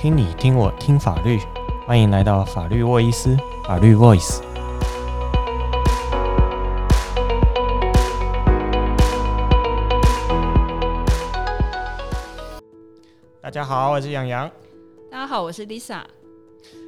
聽你聽我聽法律，歡迎來到法律沃伊絲，法律 Voice。大家好，我是洋洋；大家好，我是 Lisa。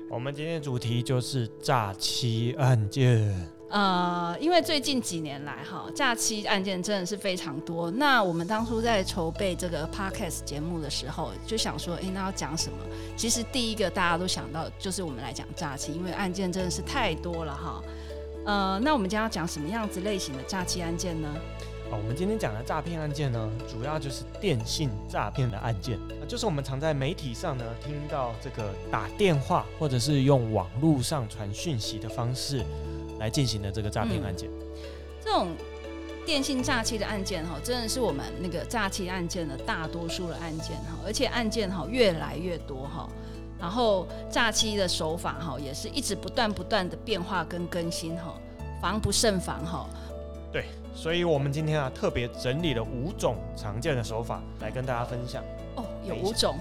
我們今天的主題就是詐欺案件。呃，因為最近幾年來哈，詐欺案件真的是非常多。那我們當初在籌備這個 podcast 節目的時候，就想說，誒、欸，那要講什麼？其實第一個大家都想到就是我們來講詐欺，因為案件真的是太多了哈。呃，那我們將要講什麼樣子類型的詐欺案件呢？哦，我們今天講的詐騙案件呢，主要就是電信詐騙的案件，就是我們常在媒體上呢聽到這個打電話或者是用網絡上傳訊息的方式。來進行的這個詐騙案件，嗯、這種電信詐欺的案件哈，真的是我們那個詐欺案件的大多數的案件哈，而且案件哈越來越多哈，然後詐欺的手法哈也是一直不斷不斷的變化跟更新哈，防不勝防哈。對，所以我們今天啊特別整理了五種常見的手法對來跟大家分享。哦，有五種。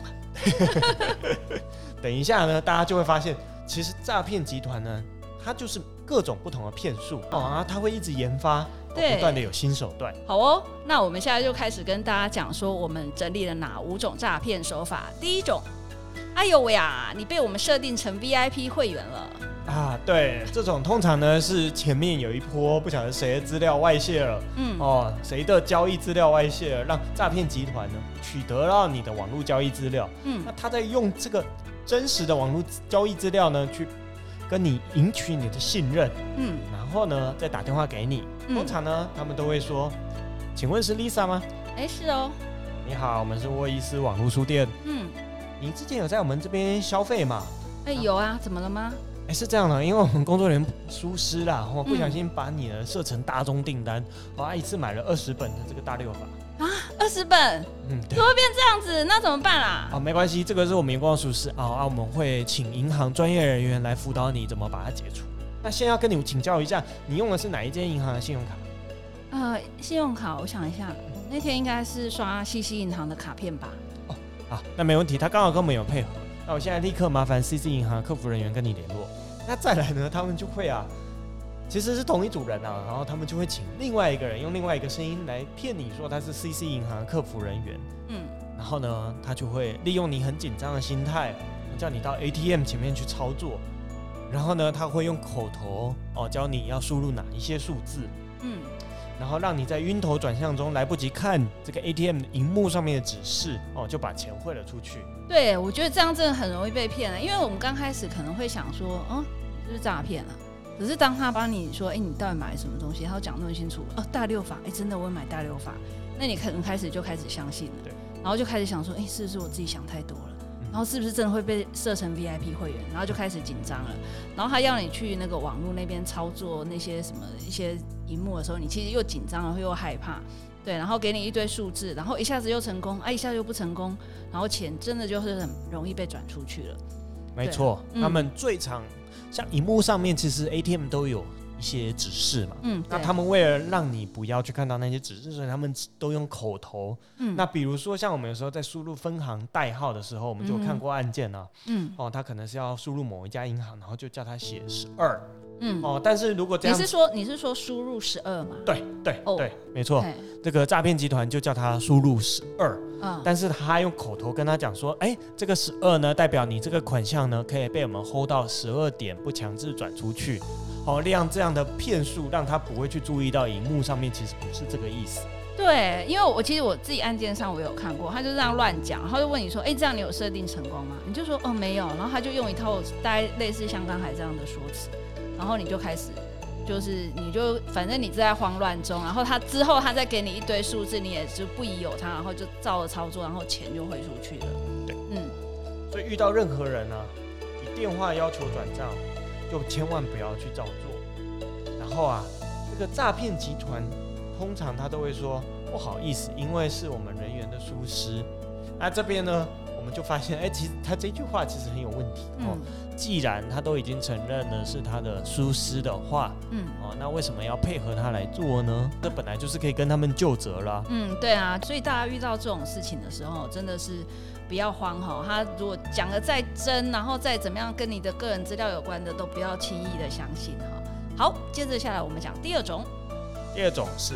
等一下， 等一下呢，大家就會發現，其實詐騙集團呢。它就是各種不同的騙術啊，它、啊、會一直研發，對不斷的有新手段。好哦，那我們現在就開始跟大家講說，我們整理了哪五種詐騙手法。第一種，哎呦喂啊，你被我們設定成 VIP 會員了啊！對，這種通常呢是前面有一波不曉得誰的資料外泄了，嗯哦、啊，誰的交易資料外泄了，讓詐騙集團呢取得了你的網絡交易資料，嗯，那他在用這個真實的網絡交易資料呢去。跟你贏取你的信任，嗯，然後呢，再打電話給你。通常呢，嗯、他們都會說：“請問是 Lisa 嗎？”“哎，是哦。”“你好，我們是沃伊斯網絡書店。”“嗯，你之前有在我們這邊消費嗎？”“哎誒、啊，有啊，怎麼了嗎？”“哎，是這樣的，因為我們工作人員、呃、疏失啦，我不小心把你的設成大宗訂單，我、嗯啊、一次買了二十本的這個大六法。”啊。失本，嗯，對，怎麼會變這樣子？那怎麼辦啦、啊？哦，沒關係，這個是我們銀行的疏失啊，啊，我們會請銀行專業人員來輔導你怎麼把它解除。那現在要跟你請教一下，你用的是哪一間銀行的信用卡？呃，信用卡，我想一下，那天應該是刷 CC 銀行的卡片吧？哦，好，那沒問題，他剛好跟我們有配合，那我現在立刻麻煩 CC 銀行客服人員跟你聯絡。那再來呢，他們就會啊。其實是同一組人啊，然後他們就會請另外一個人用另外一個聲音來騙你說，他是 C C 銀行客服人員。嗯，然後呢，他就會利用你很緊張的心態，叫你到 A T M 前面去操作，然後呢，他會用口頭哦教你要輸入哪一些數字，嗯，然後讓你在暈頭轉向中來不及看這個 A T M 熒幕上面的指示哦，就把錢匯了出去。對，我覺得這樣真的很容易被騙了，因為我們剛開始可能會想說，嗯，啊，是不是詐騙了？可是當他幫你說，哎、欸，你到底買什麼東西？他要講那麼清楚。哦，大六法，哎、欸，真的，我買大六法。那你可能開始就開始相信了，對，然後就開始想說，哎、欸，是不是我自己想太多了？然後是不是真的會被設成 VIP 會員？然後就開始緊張了。然後他要你去那個網絡那邊操作那些什麼一些熒幕的時候，你其實又緊張了，又害怕，對。然後給你一堆數字，然後一下子又成功，哎、啊，一下子又不成功，然後錢真的就是很容易被轉出去了。沒錯錯，嗯、他們最常。像螢幕上面其實 ATM 都有一些指示嘛，嗯，那他們為了讓你不要去看到那些指示，所以他們都用口頭。嗯，那比如說像我們有時候在輸入分行代號的時候，我們就看過案件啊，嗯，哦，他可能是要輸入某一家銀行，然後就叫他寫十二。嗯，哦，但是如果這樣你，你是說你是說輸入十二嗎？對對、oh, 對，沒錯，Hey. 這個詐騙集團就叫他輸入十二。嗯，但是他用口頭跟他講說，哎、欸，這個十二呢，代表你這個款項呢，可以被我們 hold 到十二點，不強制轉出去。哦，利用這樣的騙術，讓他不會去注意到熒幕上面其實不是這個意思。對，因為我其實我自己案件上我有看過，他就這樣亂講，他就問你說，哎、欸，這樣你有設定成功嗎？你就說哦沒有，然後他就用一套大概類似像剛才這樣的說辭。然後你就開始，就是你就反正你在慌亂中，然後他之後他再給你一堆數字，你也是不疑有他，然後就照着操作，然後錢就匯出去了、嗯。對，嗯。所以遇到任何人呢、啊，電話要求轉賬，就千萬不要去照做。然後啊，這個詐騙集團通常他都會說不好意思，因為是我們人員的疏失，那、啊、這邊呢？我們就發現，哎、欸，其實他這句話其實很有問題、嗯、哦。既然他都已經承認了是他的疏失的話，嗯，哦，那為什麼要配合他來做呢？這本來就是可以跟他們究責啦。嗯，對啊，所以大家遇到這種事情的時候，真的是不要慌哈。他如果講得再真，然後再怎麼樣跟你的個人資料有關的，都不要輕易的相信哈。好，接着下來我們講第二種。第二種是。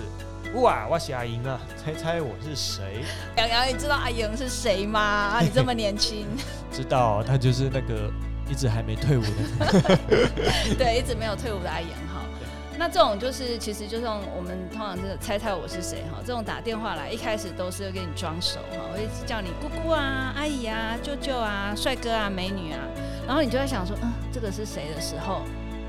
哇，我是阿瑩啊！猜猜我是誰？洋洋，你知道阿瑩是誰嗎、 啊？你這麼年輕， 知道，他就是那個一直還沒退伍的， 對，一直沒有退伍的阿瑩哈。對那這種就是其實就像我們通常是猜猜我是誰哈，這種打電話來一開始都是要給你裝熟哈，一直叫你姑姑啊、阿姨啊、舅舅啊、帥哥啊、美女啊，然後你就在想說，嗯，這個是誰的時候，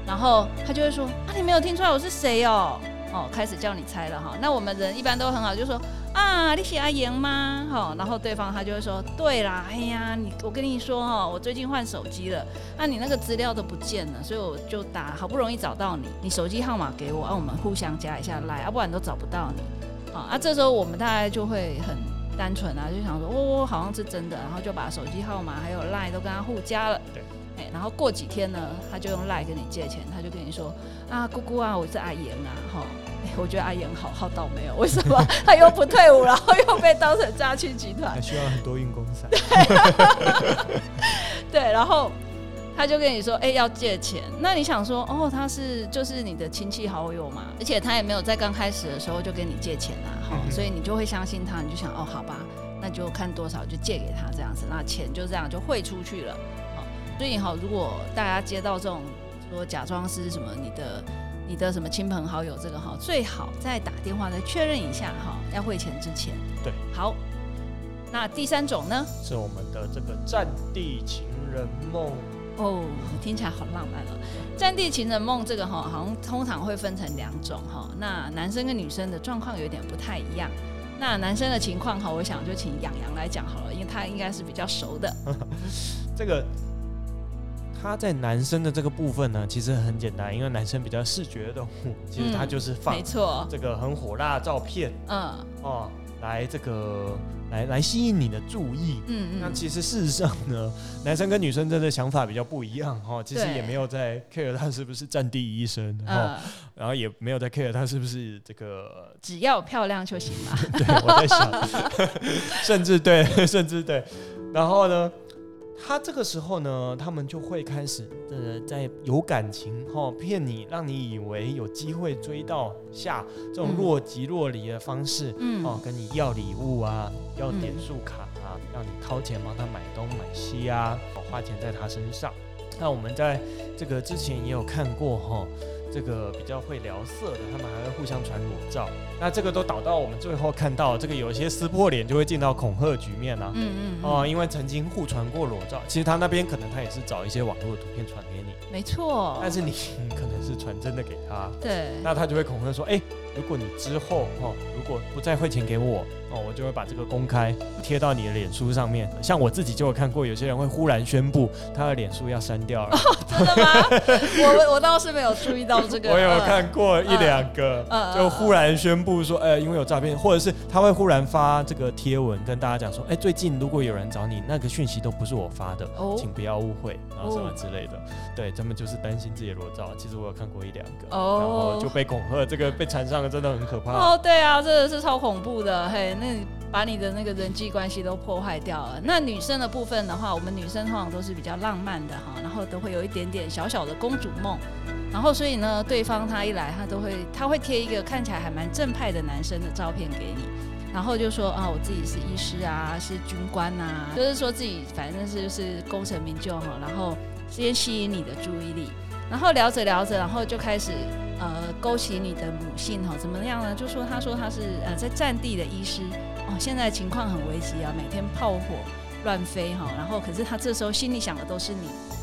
然後他就會說，啊，你沒有聽出來我是誰哦。哦，開始叫你猜了哈。那我們人一般都很好，就說啊，你是阿言嗎？哈，然後對方他就會說，對啦，哎呀，你我跟你說哈，我最近換手機了，那你那個資料都不見了，所以我就打，好不容易找到你，你手機號碼給我，讓我們互相加一下 LINE，要不然都找不到你。好，啊，這時候我們大概就會很。單純啊，就想說，哦，好像是真的，然後就把手機號碼還有 line 都跟他互加了。對、哎，然後過幾天呢，他就用 line 跟你借錢，他就跟你說，啊，姑姑啊，我是阿炎啊，哈、哦哎，我覺得阿炎好好倒霉哦， 為什麼他又不退伍， 然後又被當成詐欺集團，還需要很多運功傘。對, 對，然後。他就跟你說，哎、欸，要借錢。那你想說，哦，他是就是你的親戚好友嘛，而且他也沒有在剛開始的時候就跟你借錢啦、啊，哈、哦，嗯、所以你就會相信他，你就想，哦，好吧，那就看多少就借給他這樣子，那錢就這樣就匯出去了，哦、所以哈、哦，如果大家接到這種說假裝是什麼你的你的什麼親朋好友這個哈，最好再打電話再確認一下哈、哦，要匯錢之前。對。好，那第三種呢？是我們的這個戰地情人夢。哦，聽起來好浪漫了、哦。戰地情人夢這個哈、哦，好像通常會分成兩種哈、哦。那男生跟女生的狀況有點不太一樣。那男生的情況哈、哦，我想就請洋洋來講好了，因為他應該是比較熟的。呵呵這個他在男生的這個部分呢，其實很簡單，因為男生比較視覺動物，其實他就是放、嗯、沒錯這個很火辣的照片。嗯哦。嗯來這個，來來吸引你的注意，嗯嗯。那其實事實上呢，嗯、男生跟女生真的想法比較不一樣哈。其實也沒有在 care 他是不是戰地醫生，對然後也沒有在 care 他是不是這個。只要漂亮就行嘛。 對，我在想， 甚至對，甚至對，然後呢？他這個時候呢，他們就會開始呃，在有感情哈、哦、騙你，讓你以為有機會追到下，這種若即若離的方式，嗯，哦跟你要禮物啊，要點數卡啊，要、嗯、你掏錢幫他買東買西啊，好花錢在他身上。那我們在這個之前也有看過哈、哦。這個比較會聊色的，他們還會互相傳裸照，嗯、那這個都導到我們最後看到這個有些撕破臉就會進到恐嚇局面啊。嗯嗯，嗯哦，因為曾經互傳過裸照，其實他那邊可能他也是找一些網絡的圖片傳給你，沒錯。但是你，你可能是傳真的給他，對，那他就會恐嚇說，哎，如果你之後哦……不不再匯錢給我哦，我就會把這個公開貼到你的臉書上面。像我自己就有看過，有些人會忽然宣布他的臉書要刪掉了。Oh, 真的嗎？ 我我倒是沒有注意到這個。我有看過一兩個，uh, uh, uh, uh, uh. 就忽然宣布說，哎、欸，因為有詐騙，或者是他會忽然發這個貼文跟大家講說，哎、欸，最近如果有人找你，那個訊息都不是我發的，oh. 請不要誤會，然後什麼之類的。Oh. 對，他們就是擔心自己裸照。其實我有看過一兩個，oh. 然後就被恐嚇，這個被纏上了真的很可怕。哦，oh, 對啊，這。這是超恐怖的嘿，那你把你的那個人際關係都破壞掉了。那女生的部分的話，我們女生通常都是比較浪漫的哈，然後都會有一點點小小的公主夢，然後所以呢，對方他一來，他都會他會貼一個看起來還蠻正派的男生的照片給你，然後就說啊，我自己是醫師啊，是軍官吶啊，就是說自己反正是就是功成名就哈，然後先吸引你的注意力，然後聊着聊着，然後就開始。呃，勾起你的母性哈，怎麼樣呢？就說他說他是呃在戰地的醫師哦，現在情況很危急啊，每天炮火亂飛哈，然後可是他這時候心裡想的都是你。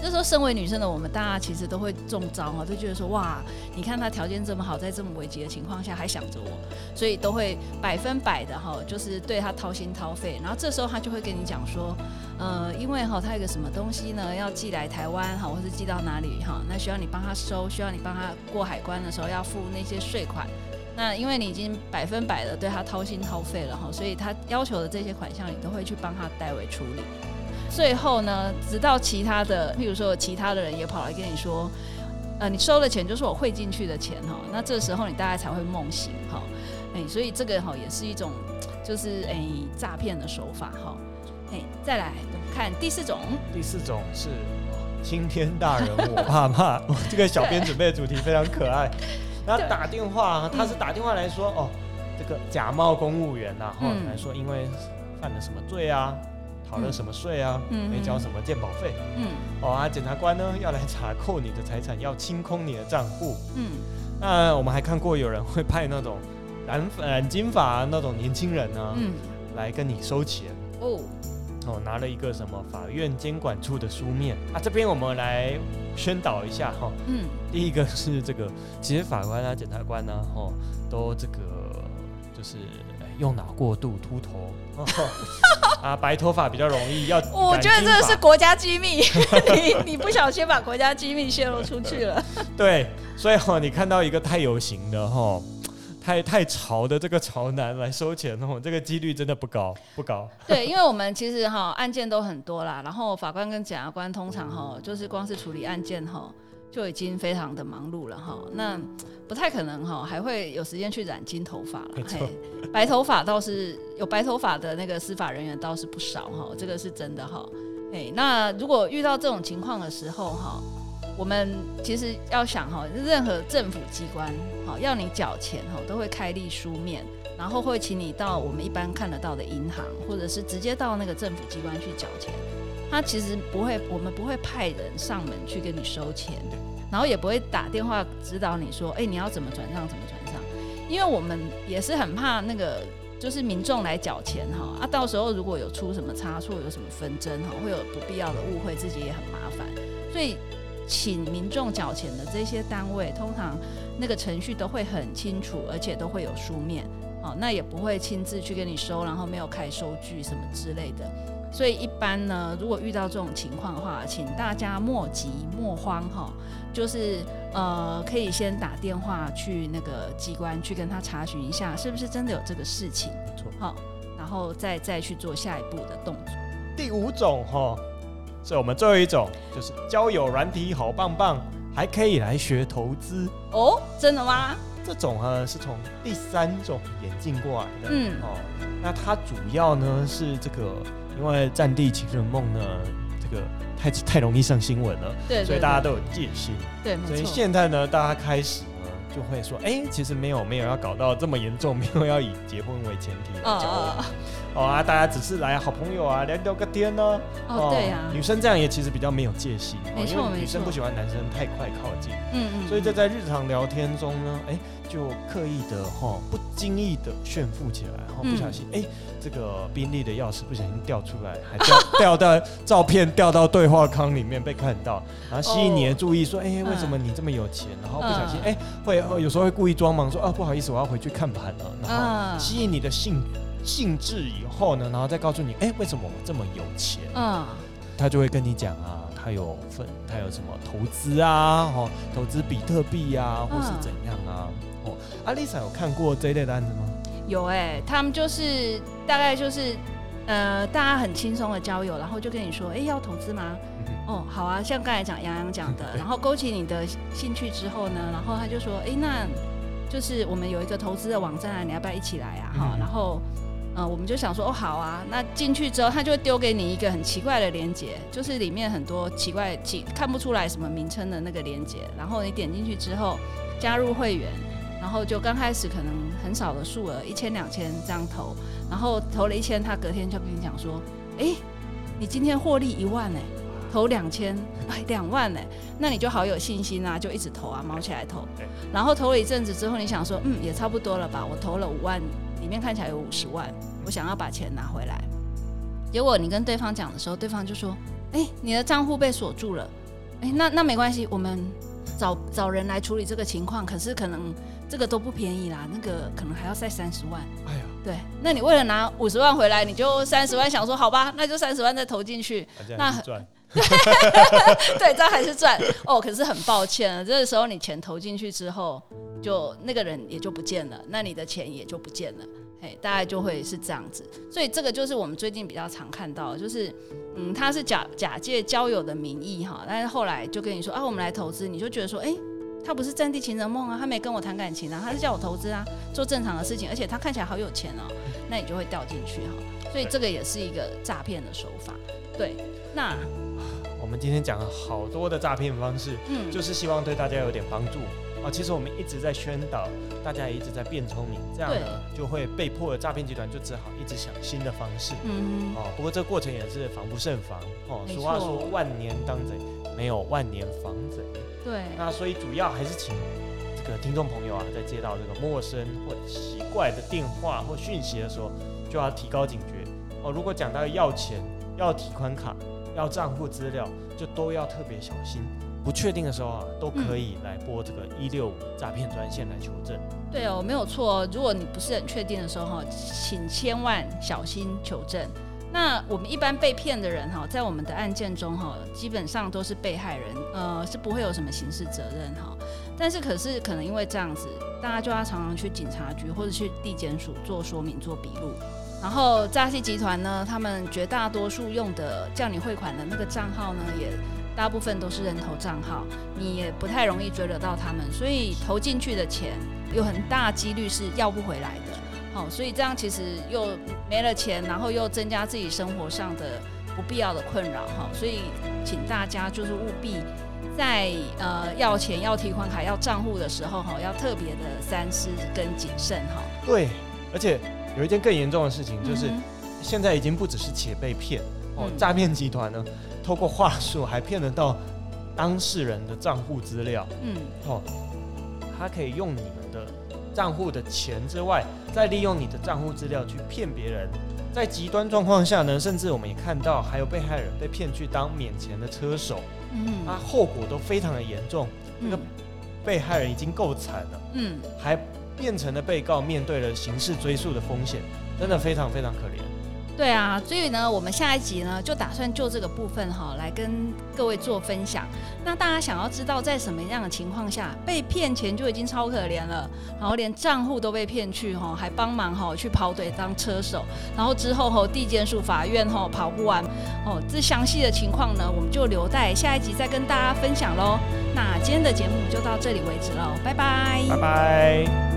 這時候，身為女生的我們，大家其實都會中招哈，都覺得說哇，你看他條件這麼好，在這麼危急的情況下還想着我，所以都會百分百的哈，就是對他掏心掏肺。然後這時候他就會跟你講說，呃，因為哈他有個什麼東西呢，要寄來台灣哈，或是寄到哪裡哈，那需要你幫他收，需要你幫他過海關的時候要付那些稅款。那因為你已經百分百的對他掏心掏肺了哈，所以他要求的這些款項，你都會去幫他代為處理。最後呢，直到其他的，譬如說其他的人也跑來跟你說，呃，你收了錢就是我匯進去的錢哈、喔，那這時候你大概才會夢醒哈，哎、喔欸，所以這個哈、喔、也是一種就是哎詐騙的手法哈，哎、喔欸，再來我們看第四種，第四種是、哦、青天大人我怕怕， 這個小編準備的主題非常可愛，然後 對 打電話，他是打電話來說、嗯、哦，這個假冒公務員吶、啊，哈、嗯哦、來說因為犯了什麼罪啊？逃了什麼稅啊？嗯、哼沒交什麼健保費。嗯，哦啊，檢察官呢要來查扣你的財產，要清空你的賬戶。嗯，那、啊、我們還看過有人會派那種染染金髮、啊、那種年輕人呢、啊，嗯，來跟你收錢。哦，哦，拿了一個什麼法院監管處的書面啊？這邊我們來宣導一下哈。哦、嗯，第一個是這個，其實法官啊、檢察官呢、啊，吼、哦，都這個就是。用腦過度禿頭， 啊，白頭髮比較容易。要我覺得這個是國家機密， 你你不小心把國家機密洩露出去了。 對，所以哈，你看到一個太有型的哈，太太潮的這個潮男來收錢哦，這個幾率真的不高，不高。 對，因為我們其實哈案件都很多啦，然後法官跟檢察官通常哈就是光是處理案件哈。就已經非常的忙碌了哈，那不太可能哈，還會有時間去染金頭髮了沒錯。嘿，白頭髮倒是有白頭髮的那個司法人員倒是不少哈，這個是真的哈。誒、欸，那如果遇到這種情況的時候哈，我們其實要想哈，任何政府機關哈要你繳錢哈，都會開立書面，然後會請你到我們一般看得到的銀行，或者是直接到那個政府機關去繳錢。他其實不會，我們不會派人上門去跟你收錢，然後也不會打電話指導你說，哎，你要怎麼轉賬，怎麼轉賬。因為我們也是很怕那個，就是民眾來繳錢哈，啊，到時候如果有出什麼差錯，有什麼紛爭哈，會有不必要的誤會，自己也很麻煩。所以，請民眾繳錢的這些單位，通常那個程序都會很清楚，而且都會有書面，好、哦，那也不會親自去跟你收，然後沒有開收據什麼之類的。所以一般呢，如果遇到這種情況的話，請大家莫急莫慌哈，就是呃，可以先打電話去那個機關去跟他查詢一下，是不是真的有這個事情？沒錯，然後再再去做下一步的動作。第五種哈，是我們最後一種，就是交友軟體好棒棒，還可以來學投資哦？真的嗎？這種呢是從第三種演進過來的，嗯哦，那它主要呢是這個。因為《戰地情人夢》呢，這個太太容易上新聞了，對，所以大家都有戒心，對，所以現在呢，大家開始呢就會說，哎，其實沒有沒有要搞到這麼嚴重，沒有要以結婚為前提交往，哦啊，大家只是來好朋友啊，聊聊個天呢，哦對啊，女生這樣也其實比較沒有戒心，哦，因為女生不喜歡男生太快靠近，嗯嗯，所以這在日常聊天中呢，哎，就刻意的哈不。不經意的炫富起來，然後不小心，哎、嗯欸，這個賓利的鑰匙不小心掉出來，還掉掉到照片掉到對話框裡面被看到，然後吸引你的注意，說，哎、哦欸，為什麼你這麼有錢？然後不小心，哎、欸，會有時候會故意裝忙，說，哦、啊，不好意思，我要回去看盤了，然後吸引你的興興致以後呢，然後再告訴你，哎、欸，為什麼我這麼有錢？嗯。他就會跟你講啊，他有分，他有什麼投資啊？哦，投資比特幣啊，或是怎樣啊？哦，阿麗莎有看過這類的案子嗎？有哎、欸，他們就是大概就是呃，大家很輕鬆的交友，然後就跟你說，哎，要投資嗎？嗯哼，哦，好啊，像剛才講楊洋講的，然後勾起你的興趣之後呢，然後他就說，哎，那就是我們有一個投資的網站啊，你要不要一起來啊？哈，然後。呃，我們就想說，哦，好啊，那進去之後，他就會丟給你一個很奇怪的連結，就是裡面很多奇怪、奇看不出來什麼名稱的那個連結，然後你點進去之後，加入會員，然後就剛開始可能很少的數額，一千、兩千這樣投，然後投了一千，他隔天就跟你講說，哎、欸，你今天獲利一萬呢，投兩千，兩萬呢，那你就好有信心啊，就一直投啊，毛起來投，然後投了一陣子之後，你想說，嗯，也差不多了吧，我投了五萬。裡面看起來有五十萬，我想要把錢拿回來。結果你跟對方講的時候，對方就說：“哎、欸，你的賬戶被鎖住了。”欸哎，那那沒關係，我們找找人來處理這個情況。可是可能這個都不便宜啦，那個可能還要塞三十萬。哎呀，對，那你為了拿五十萬回來，你就三十萬想說好吧，那就三十萬再投進去。那。 對，這還是賺哦。可是很抱歉啊，這個時候你錢投進去之後，就那個人也就不見了，那你的錢也就不見了。嘿，大概就會是這樣子。所以這個就是我們最近比較常看到的，就是嗯，他是假假借交友的名義哈，但是後來就跟你說啊，我們來投資，你就覺得說，哎、欸，他不是《戰地情人夢》啊，他沒跟我談感情啊，他是叫我投資啊，做正常的事情，而且他看起來好有錢哦、喔，那你就會掉進去哈。所以這個也是一個詐騙的手法。對，那。我們今天講了好多的詐騙方式，嗯，就是希望對大家有點幫助啊。其實我們一直在宣導，大家也一直在變聰明，這樣呢對就會被迫的詐騙集團就只好一直想新的方式，嗯哼哦，不過這個過程也是防不勝防，哦，錯俗話說萬年當賊沒有萬年防賊，對。那所以主要還是請這個聽眾朋友啊，在接到這個陌生或者奇怪的電話或訊息的時候，就要提高警覺哦。如果講到要錢、要提款卡。要賬戶資料就都要特別小心，不確定的時候啊，都可以來撥這個一六五詐騙專線來求證、嗯。對哦，沒有錯、哦。如果你不是很確定的時候哈、哦，請千萬小心求證。那我們一般被騙的人哈、哦，在我們的案件中哈、哦，基本上都是被害人，呃，是不會有什麼刑事責任哈、哦。但是可是可能因為這樣子，大家就要常常去警察局或者去地檢署做說明、做筆錄。然後詐欺集團呢，他們絕大多數用的叫你匯款的那個賬號呢，也大部分都是人頭賬號，你也不太容易追得到他們，所以投進去的錢有很大幾率是要不回來的。好、哦，所以這樣其實又沒了錢，然後又增加自己生活上的不必要的困擾。哈、哦，所以請大家就是務必在呃要錢、要提款卡、要賬戶的時候，哈、哦，要特別的三思跟謹慎。哈、哦，對，而且。有一件更嚴重的事情，就是現在已經不只是錢被騙，嗯、哼哦，詐騙集團呢，透過話術還騙得到當事人的賬戶資料，嗯，哦，他可以用你們的賬戶的錢之外，再利用你的賬戶資料去騙別人，在極端狀況下呢，甚至我們也看到還有被害人被騙去當免錢的車手，嗯、哼、啊，後果都非常的嚴重，那、嗯、個被害人已經夠慘了，嗯，還。變成了被告，面對了刑事追訴的風險，真的非常非常可憐。對啊，所以呢，我們下一集呢就打算就這個部分哈、喔，來跟各位做分享。那大家想要知道在什麼樣的情況下被騙錢就已經超可憐了，然後連賬戶都被騙去哈、喔，還幫忙哈、喔、去跑腿當車手，然後之後吼、喔、地檢署、法院吼、喔、跑不完哦、喔，這詳細的情況呢，我們就留在下一集再跟大家分享嘍。那今天的節目就到這裡為止嘍，拜拜，拜拜。